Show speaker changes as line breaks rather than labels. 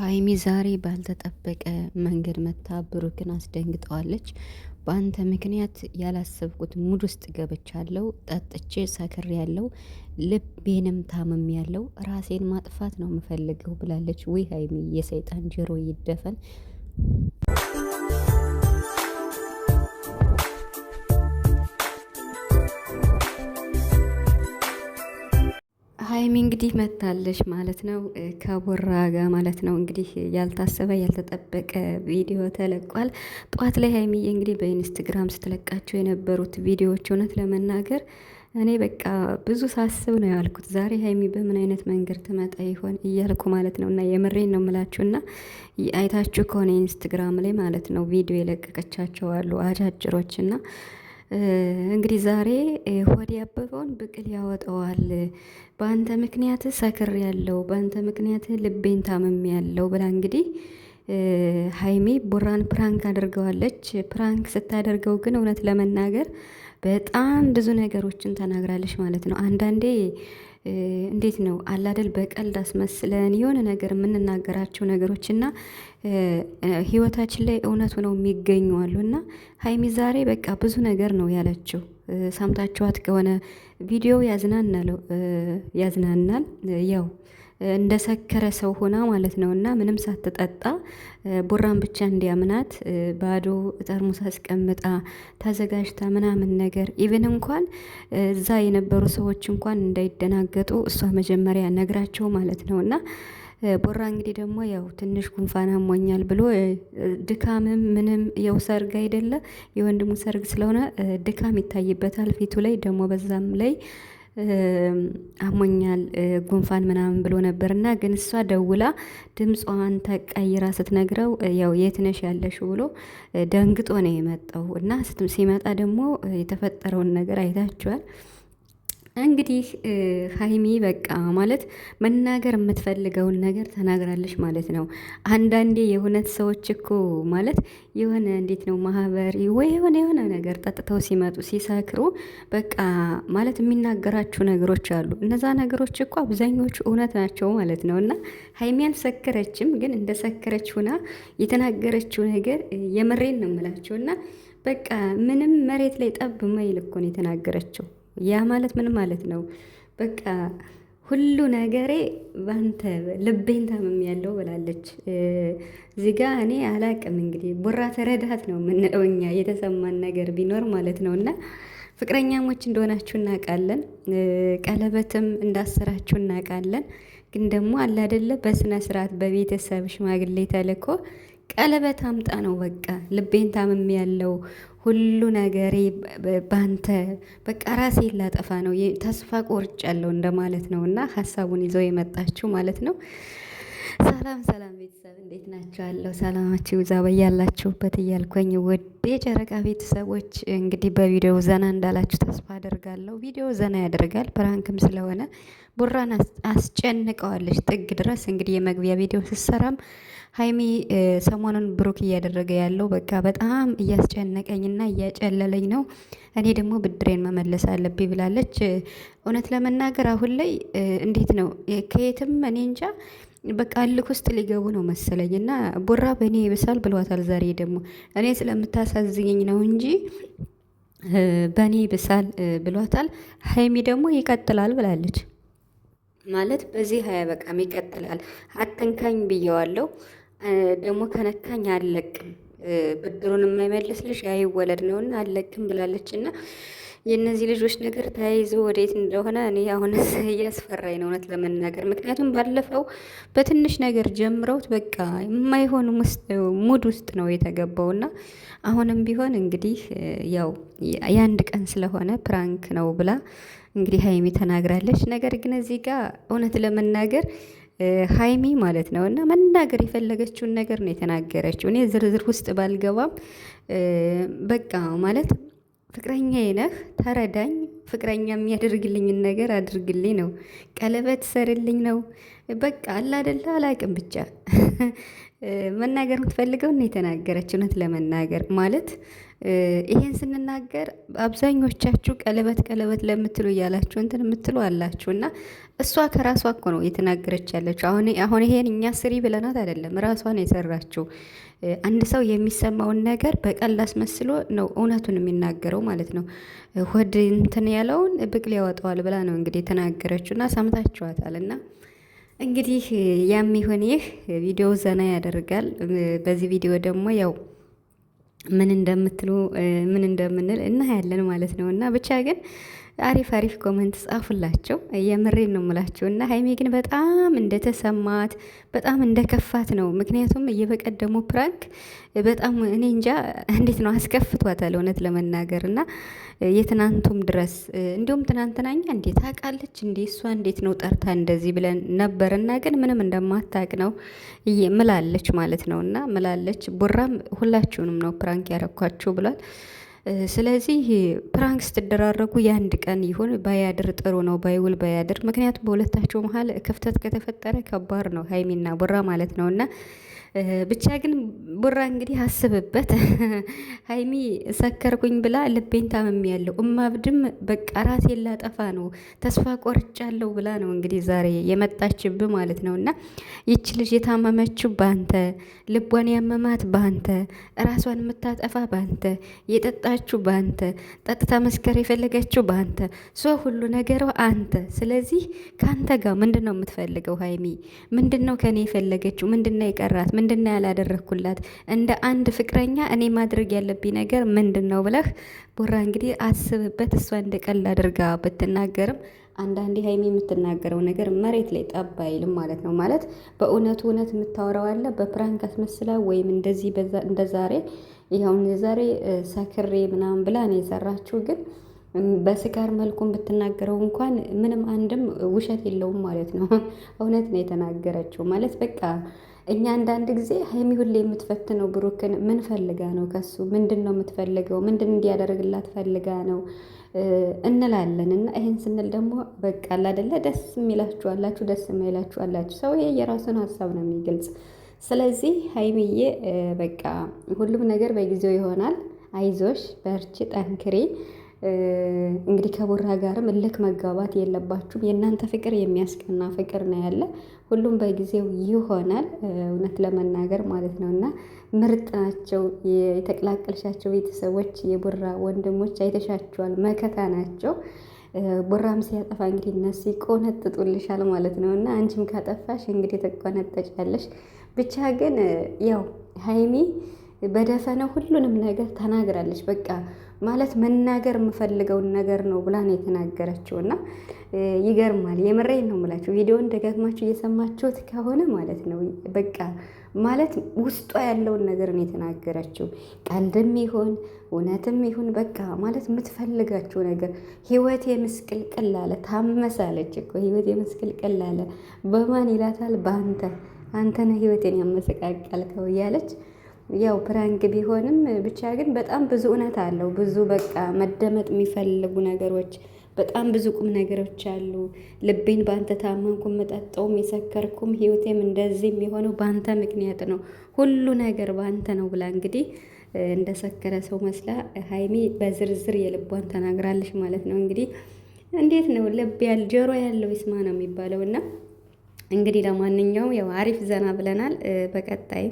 ሀይሚ ዛሬ ባልተጠበቀ መንገድ መታ ብሩክን አስደንግጠዋለች። በአንተ ምክንያት ያላሰብኩት ሙድ ውስጥ ገብቻለሁ፣ ጠጥቼ ሰክር ያለው ልቤንም ታምም ያለው ራሴን ማጥፋት ነው የምፈልገው ብላለች። ወይ ሀይሚ የሰይጣን ጆሮ ይደፈን። ሀይሚ እንግዲህ መታለች ማለት ነው ከቦራ ጋ ማለት ነው እንግዲህ ያልታሰበ ያልተጠበቀ ቪዲዮ ተለቋል። ጠዋት ላይ ሀይሚዬ እንግዲህ በኢንስትግራም ስትለቃቸው የነበሩት ቪዲዮዎች እውነት ለመናገር እኔ በቃ ብዙ ሳስብ ነው ያልኩት፣ ዛሬ ሀይሚ በምን አይነት መንገድ ትመጣ ይሆን እያልኩ ማለት ነው። እና የምሬን ነው የምላችሁ። እና አይታችሁ ከሆነ ኢንስትግራም ላይ ማለት ነው ቪዲዮ የለቀቀቻቸው አሉ አጫጭሮች እና እንግዲህ ዛሬ ሆድ ያበበውን ብቅል ያወጣዋል። በአንተ ምክንያት ሰክር ያለው በአንተ ምክንያት ልቤን ታመም ያለው ብላ እንግዲህ ሀይሚ ቡራን ፕራንክ አድርገዋለች። ፕራንክ ስታደርገው ግን እውነት ለመናገር በጣም ብዙ ነገሮችን ተናግራለች ማለት ነው አንዳንዴ እንዴት ነው አላደል በቀልድ አስመስለን የሆነ ነገር የምንናገራቸው ነገሮች እና ህይወታችን ላይ እውነቱ ነው የሚገኙ አሉ እና ሀይሚ ዛሬ በቃ ብዙ ነገር ነው ያለችው። ሰምታችኋት ከሆነ ቪዲዮ ያዝናናል ያው እንደሰከረ ሰው ሆና ማለት ነው። እና ምንም ሳትጠጣ ቦራን ብቻ እንዲያምናት ባዶ ጠርሙስ አስቀምጣ ተዘጋጅታ ምናምን ነገር ኢቨን እንኳን እዛ የነበሩ ሰዎች እንኳን እንዳይደናገጡ እሷ መጀመሪያ ነግራቸው ማለት ነው እና ቦራ እንግዲህ ደግሞ ያው ትንሽ ጉንፋን አሞኛል ብሎ ድካምም ምንም የው ሰርግ አይደለ የወንድሙ ሰርግ ስለሆነ ድካም ይታይበታል ፊቱ ላይ ደግሞ በዛም ላይ አሞኛል ጉንፋን ምናምን ብሎ ነበርና ግን እሷ ደውላ ድምጿን ተቀይራ ስትነግረው ያው የት ነሽ ብሎ ደንግጦ ነው የመጣው እና ሲመጣ ደግሞ የተፈጠረውን ነገር አይታችኋል። እንግዲህ ሀይሚ በቃ ማለት መናገር የምትፈልገውን ነገር ተናግራለች ማለት ነው። አንዳንዴ የእውነት ሰዎች እኮ ማለት የሆነ እንዴት ነው ማህበር ወይ የሆነ የሆነ ነገር ጠጥተው ሲመጡ ሲሰክሩ በቃ ማለት የሚናገራችሁ ነገሮች አሉ። እነዛ ነገሮች እኮ አብዛኞቹ እውነት ናቸው ማለት ነው። እና ሀይሚ አልሰከረችም፣ ግን እንደሰከረች ሁና የተናገረችው ነገር የምሬን ነው የምላቸው እና በቃ ምንም መሬት ላይ ጠብ ማይል እኮ ነው የተናገረችው። ያ ማለት ምን ማለት ነው? በቃ ሁሉ ነገሬ ባንተ ልቤን ታምም ያለው ብላለች። እዚጋ እኔ አላቅም እንግዲህ ቡራ ተረዳት ነው የምንለው እኛ የተሰማን ነገር ቢኖር ማለት ነው። እና ፍቅረኛሞች እንደሆናችሁ እናውቃለን፣ ቀለበትም እንዳሰራችሁ እናውቃለን። ግን ደግሞ አላደለ በስነ ስርዓት በቤተሰብ ሽማግሌ ተልኮ ቀለበት አምጣ ነው በቃ ልቤን ታምም ያለው ሁሉ ነገሬ ባንተ በቃ ራሴ ላጠፋ ነው ተስፋ ቆርጭ ያለው እንደማለት ነው። እና ሀሳቡን ይዘው የመጣችው ማለት ነው። ሰላም ሰላም ቤተሰብ እንዴት ናችኋለሁ? ሰላማችሁ ዛ በያላችሁበት እያልኩኝ ውድ የጨረቃ ቤተሰቦች እንግዲህ በቪዲዮ ዘና እንዳላችሁ ተስፋ አደርጋለሁ። ቪዲዮ ዘና ያደርጋል፣ ፕራንክም ስለሆነ ቡራን አስጨንቀዋለች ጥግ ድረስ። እንግዲህ የመግቢያ ቪዲዮ ስሰራም ሀይሚ ሰሞኑን ብሩክ እያደረገ ያለው በቃ በጣም እያስጨነቀኝና እያጨለለኝ ነው፣ እኔ ደግሞ ብድሬን መመለስ አለብኝ ብላለች። እውነት ለመናገር አሁን ላይ እንዴት ነው ከየትም እኔ እንጃ በቃ እልክ ውስጥ ሊገቡ ነው መሰለኝ እና ቦራ በእኔ ይብሳል ብሏታል። ዛሬ ደግሞ እኔ ስለምታሳዝኝኝ ነው እንጂ በእኔ ይብሳል ብሏታል። ሀይሚ ደግሞ ይቀጥላል ብላለች። ማለት በዚህ አያበቃም፣ ይቀጥላል። አትንካኝ ብየዋለሁ። ደግሞ ከነካኝ አለቅም ብድሩን የማይመልስ ልጅ አይወለድ ነውና አለቅም ብላለች እና የእነዚህ ልጆች ነገር ተያይዞ ወዴት እንደሆነ እኔ አሁን እያስፈራኝ ነው፣ እውነት ለመናገር ምክንያቱም ባለፈው በትንሽ ነገር ጀምረውት በቃ የማይሆን ሙድ ውስጥ ነው የተገባው እና አሁንም ቢሆን እንግዲህ ያው የአንድ ቀን ስለሆነ ፕራንክ ነው ብላ እንግዲህ ሀይሚ ተናግራለች። ነገር ግን እዚህ ጋር እውነት ለመናገር ሀይሚ ማለት ነው እና መናገር የፈለገችውን ነገር ነው የተናገረችው። እኔ ዝርዝር ውስጥ ባልገባም በቃ ማለት ፍቅረኛ ነህ ተረዳኝ፣ ፍቅረኛ የሚያደርግልኝን ነገር አድርግልኝ ነው፣ ቀለበት ሰርልኝ ነው በቃ አላደላ አላቅም ብቻ መናገር እና የተናገረች። እውነት ለመናገር ማለት ይሄን ስንናገር አብዛኞቻችሁ ቀለበት ቀለበት ለምትሉ እያላችሁ እንትን የምትሉ አላችሁ እና እሷ ከራሷ እኮ ነው የተናገረች ያለችው። አሁን ይሄን እኛ ስሪ ብለናት አይደለም፣ ራሷን የሰራችው። አንድ ሰው የሚሰማውን ነገር በቀል አስመስሎ ነው እውነቱን የሚናገረው ማለት ነው። ሆድ እንትን ያለውን ብቅል ሊያወጣዋል ብላ ነው እንግዲህ የተናገረችው እና ሰምታችኋታል እና እንግዲህ ያም ይሁን ይህ ቪዲዮ ዘና ያደርጋል። በዚህ ቪዲዮ ደግሞ ያው ምን እንደምትሉ ምን እንደምንል እናያለን ማለት ነው እና ብቻ ግን አሪፍ አሪፍ ኮመንት ጻፉላቸው። የምሬን ነው የምላቸው እና ሀይሜ ግን በጣም እንደተሰማት በጣም እንደከፋት ነው። ምክንያቱም እየበቀደሙ ፕራንክ በጣም እኔ እንጃ እንዴት ነው አስከፍቷታል፣ እውነት ለመናገር እና የትናንቱም ድረስ እንዲሁም ትናንትናኛ እንዴት ታውቃለች እንዴ እሷ እንዴት ነው ጠርታ እንደዚህ ብለን ነበር እና ግን ምንም እንደማታቅ ነው ምላለች ማለት ነው እና ምላለች። ቡራም ሁላችሁንም ነው ፕራንክ ያረኳችሁ ብሏል። ስለዚህ ፕራንክ ስትደራረጉ የአንድ ቀን ይሁን ባያድር ጥሩ ነው፣ ባይውል ባያድር። ምክንያቱም በሁለታቸው መሀል ክፍተት ከተፈጠረ ከባድ ነው፣ ሀይሚና ቡራ ማለት ነው እና ብቻ ግን ቡራ እንግዲህ አስብበት። ሀይሚ ሰከርኩኝ ብላ ልቤን ታመም ያለው እማብድም በቃ ራሴን ላጠፋ ነው ተስፋ ቆርጫለሁ ብላ ነው እንግዲህ ዛሬ የመጣችብ ማለት ነው። እና ይች ልጅ የታመመችው ባንተ፣ ልቧን ያመማት ባንተ፣ ራሷን የምታጠፋ ባንተ፣ የጠጣችው ባንተ፣ ጠጥታ መስከር የፈለገችው ባንተ፣ ሶ ሁሉ ነገሯ አንተ። ስለዚህ ከአንተ ጋር ምንድን ነው የምትፈልገው ሀይሚ? ምንድን ነው ከኔ የፈለገችው? ምንድን ነው የቀራት? ምንድና ያላደረግኩላት? እንደ አንድ ፍቅረኛ እኔ ማድረግ ያለብኝ ነገር ምንድን ነው ብለህ ቦራ እንግዲህ አስብበት። እሷ እንደ ቀልድ አድርጋ ብትናገርም አንዳንዴ ሀይሚ የምትናገረው ነገር መሬት ላይ ጠብ አይልም ማለት ነው። ማለት በእውነቱ እውነት የምታወራው አለ በፕራንክ አስመስላ ወይም እንደዚህ እንደ ዛሬ ያው የዛሬ ሰክሬ ምናምን ብላ ነው የሰራችው ግን በስካር መልኩም ብትናገረው እንኳን ምንም አንድም ውሸት የለውም ማለት ነው። እውነት ነው የተናገረችው ማለት በቃ እኛ አንዳንድ ጊዜ ሀይሚ ሁሌ የምትፈትነው ብሩክን ምን ፈልጋ ነው? ከሱ ምንድን ነው የምትፈልገው? ምንድን እንዲያደርግላት ፈልጋ ነው እንላለን። እና ይህን ስንል ደግሞ በቃ አላደለ ደስ የሚላችሁ አላችሁ፣ ደስ የማይላችሁ አላችሁ። ሰው ይሄ የራሱን ሀሳብ ነው የሚገልጽ። ስለዚህ ሀይሚዬ በቃ ሁሉም ነገር በጊዜው ይሆናል። አይዞሽ፣ በርቺ፣ ጠንክሪ። እንግዲህ ከቡራ ጋርም እልክ መጋባት የለባችሁም። የእናንተ ፍቅር የሚያስቀና ፍቅር ነው ያለ ሁሉም በጊዜው ይሆናል። እውነት ለመናገር ማለት ነው እና ምርጥ ናቸው የተቀላቀልሻቸው ቤተሰቦች የቡራ ወንድሞች አይተሻቸዋል፣ መከታ ናቸው። ቡራም ሲያጠፋ እንግዲህ እነሱ ይቆነጥጡልሻል ማለት ነው እና አንቺም ካጠፋሽ እንግዲህ ትቆነጠጫለሽ። ብቻ ግን ያው ሀይሚ በደፈነ ሁሉንም ነገር ተናግራለች። በቃ ማለት መናገር የምፈልገውን ነገር ነው ብላ ነው የተናገረችው። እና ይገርማል። የምሬን ነው የምላችሁ። ቪዲዮን ደጋግማችሁ እየሰማችሁት ከሆነ ማለት ነው በቃ ማለት ውስጧ ያለውን ነገር ነው የተናገረችው። ቀልድም ይሁን እውነትም ይሁን በቃ ማለት የምትፈልጋችሁ ነገር ህይወት ምስቅልቅል አለ። ታመሳለች እኮ ህይወት ምስቅልቅል አለ። በማን ይላታል? በአንተ አንተነ ነህ ህይወቴን ያመሰቃቀልከው እያለች ያው ፕራንክ ቢሆንም ብቻ ግን በጣም ብዙ እውነት አለው። ብዙ በቃ መደመጥ የሚፈልጉ ነገሮች በጣም ብዙ ቁም ነገሮች አሉ። ልቤን በአንተ ታመንኩም፣ መጠጠውም የሰከርኩም፣ ህይወቴም እንደዚህ የሚሆነው በአንተ ምክንያት ነው፣ ሁሉ ነገር በአንተ ነው ብላ እንግዲህ እንደሰከረ ሰው መስላ ሀይሚ በዝርዝር የልቧን ተናግራለች ማለት ነው። እንግዲህ እንዴት ነው ልብ ያል ጆሮ ያለው ይስማ ነው የሚባለው እና እንግዲህ ለማንኛውም ያው አሪፍ ዘና ብለናል። በቀጣይ